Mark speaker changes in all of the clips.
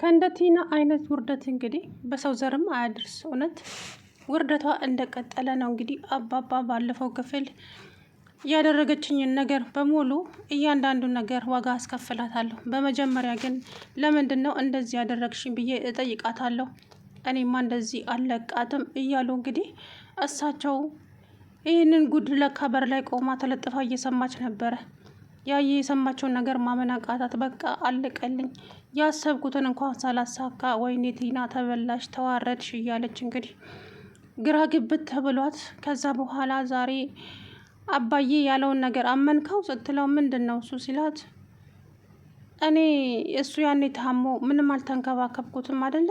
Speaker 1: ከእንደ ቲና አይነት ውርደት እንግዲህ በሰው ዘርም አያድርስ። እውነት ውርደቷ እንደቀጠለ ነው። እንግዲህ አባባ ባለፈው ክፍል ያደረገችኝን ነገር በሙሉ እያንዳንዱ ነገር ዋጋ አስከፍላታለሁ። በመጀመሪያ ግን ለምንድን ነው እንደዚህ ያደረግሽኝ ብዬ እጠይቃታለሁ። እኔማ እንደዚህ አለቃትም እያሉ እንግዲህ እሳቸው ይህንን ጉድ ለካ በር ላይ ቆማ ተለጥፋ እየሰማች ነበረ። ያየ የሰማቸውን ነገር ማመን አቃታት። በቃ አለቀልኝ፣ ያሰብኩትን እንኳን ሳላሳካ ወይኔ ቲና ተበላሽ፣ ተዋረድሽ እያለች እንግዲህ ግራ ግብት ተብሏት ከዛ በኋላ ዛሬ አባዬ ያለውን ነገር አመንከው ስትለው ምንድን ነው እሱ ሲላት እኔ እሱ ያኔ ታሞ ምንም አልተንከባከብኩትም አደለ፣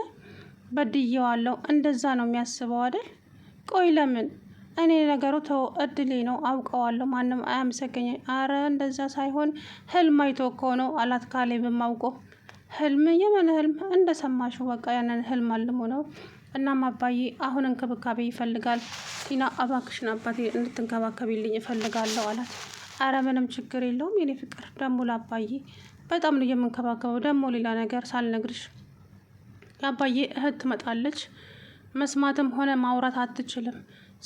Speaker 1: በድየዋለሁ። እንደዛ ነው የሚያስበው አደል? ቆይ ለምን እኔ ነገሩ ተው እድሌ ነው አውቀዋለሁ፣ ማንም አያመሰገኝ አረ እንደዛ ሳይሆን ህልም አይቶ እኮ ነው አላት ካሌ ማውቆ። ህልም የምን ህልም? ሰማሹ በቃ ያንን ህልም አልሞ ነው። እናም አባዬ አሁን እንክብካቤ ይፈልጋል። ቲና እባክሽን አባቴ እንድትንከባከቢልኝ ይፈልጋለሁ አላት። አረ ምንም ችግር የለውም የኔ ፍቅር፣ ደሞ ለአባዬ በጣም ነው የምንከባከበው። ደግሞ ሌላ ነገር ሳልነግርሽ የአባዬ እህት ትመጣለች። መስማትም ሆነ ማውራት አትችልም።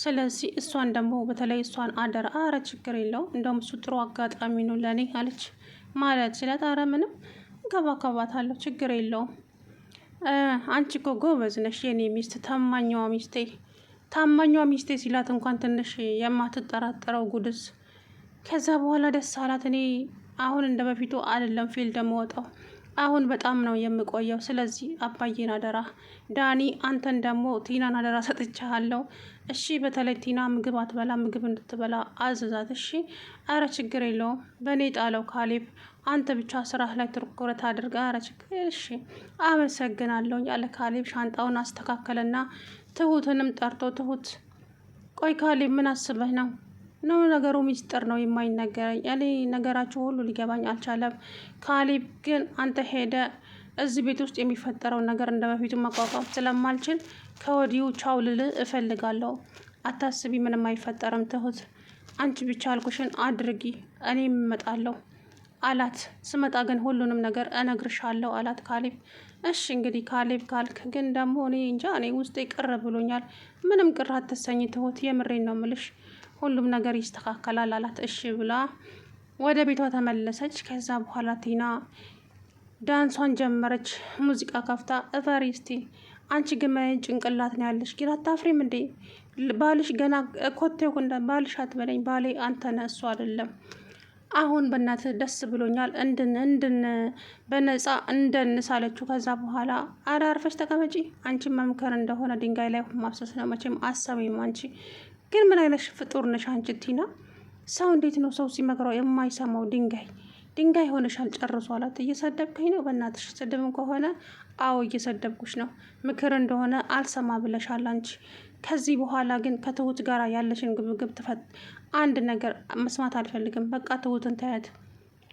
Speaker 1: ስለዚህ እሷን ደግሞ በተለይ እሷን አደር አረ ችግር የለው እንደውም እሱ ጥሩ አጋጣሚ ነው ለእኔ አለች ማለት ሲላት፣ አረ ምንም እንከባከባታለሁ ችግር የለውም አንቺ እኮ ጎበዝ ነሽ የኔ ሚስት፣ ታማኛዋ ሚስቴ፣ ታማኛዋ ሚስቴ ሲላት እንኳን ትንሽ የማትጠራጠረው ጉድስ። ከዛ በኋላ ደስ አላት። እኔ አሁን እንደ በፊቱ አይደለም ፊልድ የምወጣው አሁን በጣም ነው የምቆየው። ስለዚህ አባዬን አደራ፣ ዳኒ አንተን ደግሞ ቲናን አደራ ሰጥቻለሁ። እሺ በተለይ ቲና ምግብ አትበላ፣ ምግብ እንድትበላ አዝዛት። እሺ አረ ችግር የለውም በእኔ ጣለው ካሌብ፣ አንተ ብቻ ስራህ ላይ ትኩረት አድርገ። አረ ችግር እሺ፣ አመሰግናለሁ ያለ ካሌብ ሻንጣውን አስተካከለና ትሁትንም ጠርቶ ትሁት ቆይ ካሌብ ምን አስበህ ነው ነው ነገሩ ሚስጥር ነው የማይነገረኝ እኔ ነገራቸው ሁሉ ሊገባኝ አልቻለም። ካሊብ ግን አንተ ሄደ እዚህ ቤት ውስጥ የሚፈጠረውን ነገር እንደ በፊቱ መቋቋም ስለማልችል ከወዲሁ ቻው ልል እፈልጋለሁ። አታስቢ፣ ምንም አይፈጠርም ትሁት፣ አንቺ ብቻ ያልኩሽን አድርጊ፣ እኔ እመጣለሁ አላት። ስመጣ ግን ሁሉንም ነገር እነግርሻለሁ አላት ካሊብ። እሺ እንግዲህ ካሌብ ካልክ ግን ደግሞ እኔ እንጃ፣ እኔ ውስጤ ቅር ብሎኛል። ምንም ቅር አትሰኝ ትሁት፣ የምሬን ነው ምልሽ ሁሉም ነገር ይስተካከላል አላት። እሺ ብላ ወደ ቤቷ ተመለሰች። ከዛ በኋላ ቲና ዳንሷን ጀመረች። ሙዚቃ ከፍታ እፈሪ እስቲ አንቺ ግን ምን ጭንቅላት ነው ያለሽ? ግን አታፍሪም እንዴ? ባልሽ ገና ኮቴ ኩንደ ባልሽ አትበለኝ። ባሌ አንተ ነህ እሱ አይደለም። አሁን በእናት ደስ ብሎኛል እንድን እንድን በነፃ እንደንስ አለችው። ከዛ በኋላ አረ አርፈሽ ተቀመጪ አንቺ መምከር እንደሆነ ድንጋይ ላይ ማፍሰስ ነው መቼም አሰሚም አንቺ ግን ምን አይነት ፍጡር ነሽ አንቺ ቲና? ሰው እንዴት ነው ሰው ሲመክረው የማይሰማው? ድንጋይ ድንጋይ ሆነሻል ጨርሶ አላት። እየሰደብከኝ ነው በእናትሽ። ስድብም ከሆነ አዎ እየሰደብኩሽ ነው፣ ምክር እንደሆነ አልሰማ ብለሻል አንቺ። ከዚህ በኋላ ግን ከትሁት ጋር ያለሽን ግብግብ ትፈት። አንድ ነገር መስማት አልፈልግም። በቃ ትሁትን ተያት።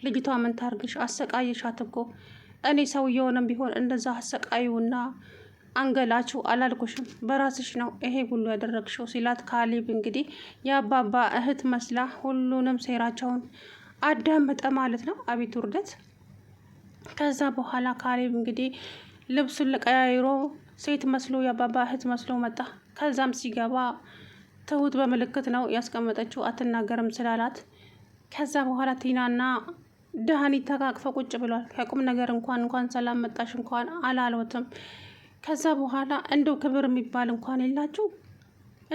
Speaker 1: ልጅቷ ምን ታርግሽ? አሰቃየሻት እኮ እኔ ሰው የሆነም ቢሆን እንደዛ አሰቃዩና አንገላችሁ አላልኩሽም በራስሽ ነው ይሄ ሁሉ ያደረግሽው ሲላት ካሊብ እንግዲህ የአባባ እህት መስላ ሁሉንም ሴራቸውን አዳመጠ ማለት ነው። አቤት ውርደት! ከዛ በኋላ ካሊብ እንግዲህ ልብሱን ለቀያይሮ ሴት መስሎ የአባባ እህት መስሎ መጣ። ከዛም ሲገባ ትሁት በምልክት ነው ያስቀመጠችው አትናገርም ስላላት ከዛ በኋላ ቲናና ዳኒ ተቃቅፈው ቁጭ ብሏል። ከቁም ነገር እንኳን እንኳን ሰላም መጣሽ እንኳን አላሎትም። ከዛ በኋላ እንደው ክብር የሚባል እንኳን የላችሁ።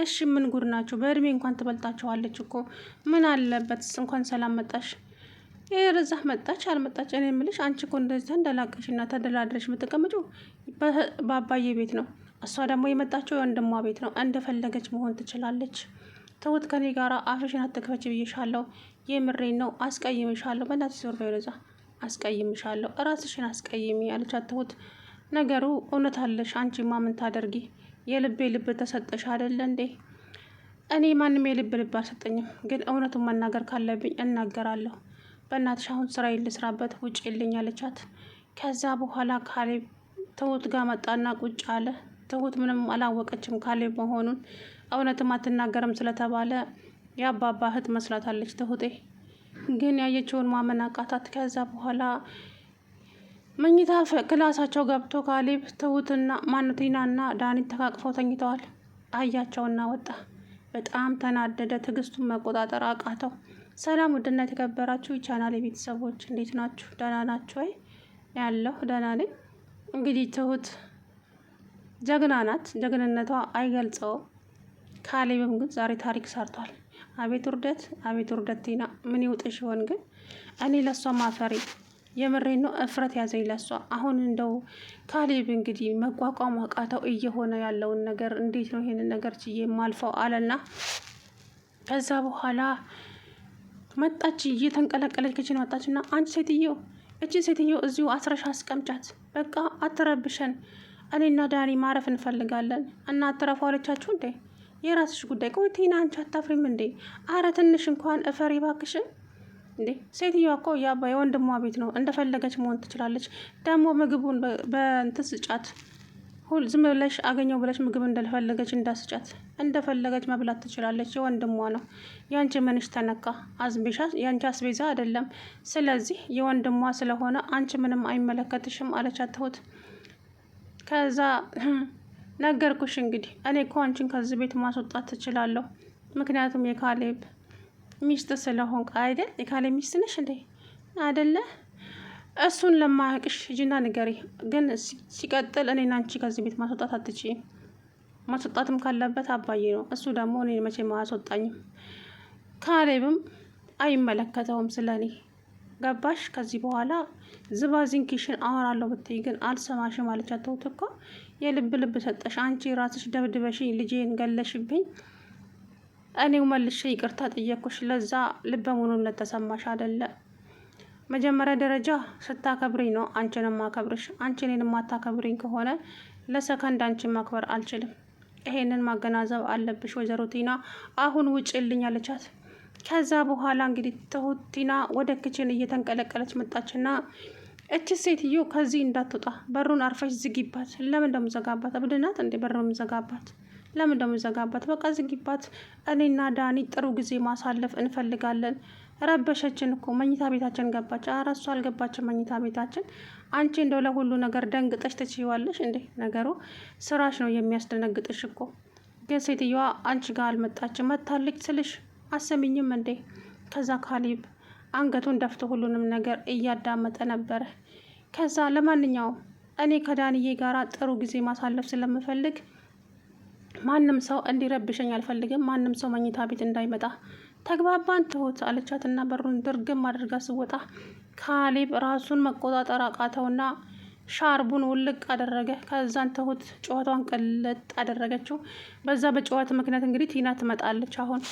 Speaker 1: እሺ ምን ጉድ ናችሁ? በእድሜ እንኳን ትበልጣችኋለች እኮ ምን አለበት እንኳን ሰላም መጣሽ። የረዛ መጣች አልመጣች፣ እኔ የምልሽ አንቺ እኮ እንደዚህ ተንደላቀሽና ተደላድረሽ የምትቀመጪው በአባዬ ቤት ነው። እሷ ደግሞ የመጣችው የወንድሟ ቤት ነው። እንደፈለገች መሆን ትችላለች። ተውት፣ ከኔ ጋር አፍሽን አትክፈች ብዬሻለሁ። የምሬን ነው። አስቀይምሻለሁ። በእናትሽ ዞር በይ ረዛ፣ አስቀይምሻለሁ። ራስሽን አስቀይሚ አለቻት። ተውት ነገሩ እውነት አለሽ። አንቺማ ምን ታደርጊ? የልቤ ልብ ተሰጠሽ አይደለ እንዴ? እኔ ማንም የልብ ልብ አልሰጠኝም፣ ግን እውነቱን መናገር ካለብኝ እናገራለሁ። በእናትሽ አሁን ስራ ልስራበት ውጭ የለኝ አለቻት። ከዛ በኋላ ካሌብ ትሁት ጋር መጣና ቁጭ አለ። ትሁት ምንም አላወቀችም ካሌብ መሆኑን። እውነትም አትናገርም ስለተባለ የአባባ እህት መስላታለች ትሁቴ ግን ያየችውን ማመን አቃታት። ከዛ በኋላ መኝታ ክላሳቸው ገብቶ ካሊብ ትሁትና ማኑቲናና ዳኒት ተቃቅፈው ተኝተዋል። አያቸውና ወጣ። በጣም ተናደደ። ትዕግስቱን መቆጣጠር አቃተው። ሰላም ውድና የተከበራችሁ ይቻናል የቤተሰቦች እንዴት ናችሁ? ደህና ናችሁ ወይ? ያለሁ ደህና ነኝ። እንግዲህ ትሁት ጀግና ናት። ጀግንነቷ አይገልጸውም። ካሊብም ግን ዛሬ ታሪክ ሰርቷል። አቤት ውርደት፣ አቤት ውርደት! ቲና ምን ይውጥሽ ይሆን ግን? እኔ ለእሷ ማፈሪ የምሬን ነው። እፍረት ያዘኝ ለሷ። አሁን እንደው ካሌብ እንግዲህ መቋቋም አቃተው እየሆነ ያለውን ነገር እንዴት ነው ይሄንን ነገር ችዬ የማልፈው አለና ከዛ በኋላ መጣች፣ እየተንቀለቀለች ከችን መጣች መጣችና አንቺ ሴትዮ፣ እቺ ሴትዮ እዚሁ አስረሻ አስቀምጫት፣ በቃ አትረብሸን፣ እኔና ዳኒ ማረፍ እንፈልጋለን እና አትረፉ አለቻችሁ እንዴ? የራስሽ ጉዳይ። ቆይ ቲና አንቺ አታፍሪም እንዴ? አረ ትንሽ እንኳን እፈሪ ባክሽን እንዴ ሴትዮዋ እኮ የአባ የወንድሟ ቤት ነው እንደፈለገች መሆን ትችላለች። ደግሞ ምግቡን በእንትን ስጫት ሁል ዝም ብለሽ አገኘው ብለሽ ምግብ እንደፈለገች እንዳስጫት እንደፈለገች መብላት ትችላለች። የወንድሟ ነው። ያንቺ ምንሽ ተነካ? አዝቤሻ ያንቺ አስቤዛ አይደለም። ስለዚህ የወንድሟ ስለሆነ አንቺ ምንም አይመለከትሽም አለቻት ትሁት። ከዛ ነገርኩሽ እንግዲህ እኔ እኮ አንቺን ከዚህ ቤት ማስወጣት ትችላለሁ፣ ምክንያቱም የካሌብ ሚስት ስለሆንክ አይደል? የካሌ ሚስት ነሽ እንዴ? አይደለ? እሱን ለማያውቅሽ ሂጂና ንገሪ። ግን ሲቀጥል እኔ አንቺ ከዚህ ቤት ማስወጣት አትችይም። ማስወጣትም ካለበት አባዬ ነው። እሱ ደግሞ እኔ መቼ አያስወጣኝም። ካሌብም አይመለከተውም ስለኔ። ገባሽ? ከዚህ በኋላ ኪሽን አወራለሁ ብትይ ግን አልሰማሽ ማለት ያተውት እኮ የልብ ልብ ሰጠሽ አንቺ ራስሽ ደብድበሽኝ ልጄን ገለሽብኝ እኔው መልሼ ይቅርታ ጠየቅኩሽ፣ ለዛ ልበ ሙሉነት ተሰማሽ አይደለ? መጀመሪያ ደረጃ ስታከብሪኝ ነው አንቺን ማከብርሽ። አንቺ እኔን የማታከብሪኝ ከሆነ ለሰከንድ አንቺን ማክበር አልችልም። ይሄንን ማገናዘብ አለብሽ ወይዘሮ ቲና። አሁን ውጭልኝ አለቻት። ከዛ በኋላ እንግዲህ ትሁት ቲና ወደ ክችን እየተንቀለቀለች መጣችና እች ሴትዮ ከዚህ እንዳትወጣ በሩን አርፈሽ ዝጊባት። ለምን እንደምዘጋባት እብድናት እንዴ? በሩን ዘጋባት። ለምን ደሞ ይዘጋባት? በቃ ዝጊባት። እኔና ዳኒ ጥሩ ጊዜ ማሳለፍ እንፈልጋለን። ረበሸችን እኮ መኝታ ቤታችን ገባች። ኧረ እሷ መኝታ ቤታችን። አንቺ እንደው ለሁሉ ነገር ደንግጠሽ ትችይዋለሽ እንዴ? ነገሩ ስራሽ ነው የሚያስደነግጥሽ እኮ። ግን ሴትዮዋ አንቺ ጋር አልመጣችም። መታለች ስልሽ አሰሚኝም እንዴ? ከዛ ካሊብ አንገቱን ደፍቶ ሁሉንም ነገር እያዳመጠ ነበረ። ከዛ ለማንኛውም እኔ ከዳንዬ ጋር ጥሩ ጊዜ ማሳለፍ ስለምፈልግ ማንም ሰው እንዲረብሸኝ አልፈልግም። ማንም ሰው መኝታ ቤት እንዳይመጣ ተግባባን ትሁት አለቻትና በሩን ድርግም አድርጋ ስወጣ ካሌብ ራሱን መቆጣጠር አቃተውና ሻርቡን ውልቅ አደረገ። ከዛን ትሁት ጨዋታዋን ቀለጥ አደረገችው። በዛ በጨዋት ምክንያት እንግዲህ ቲና ትመጣለች አሁን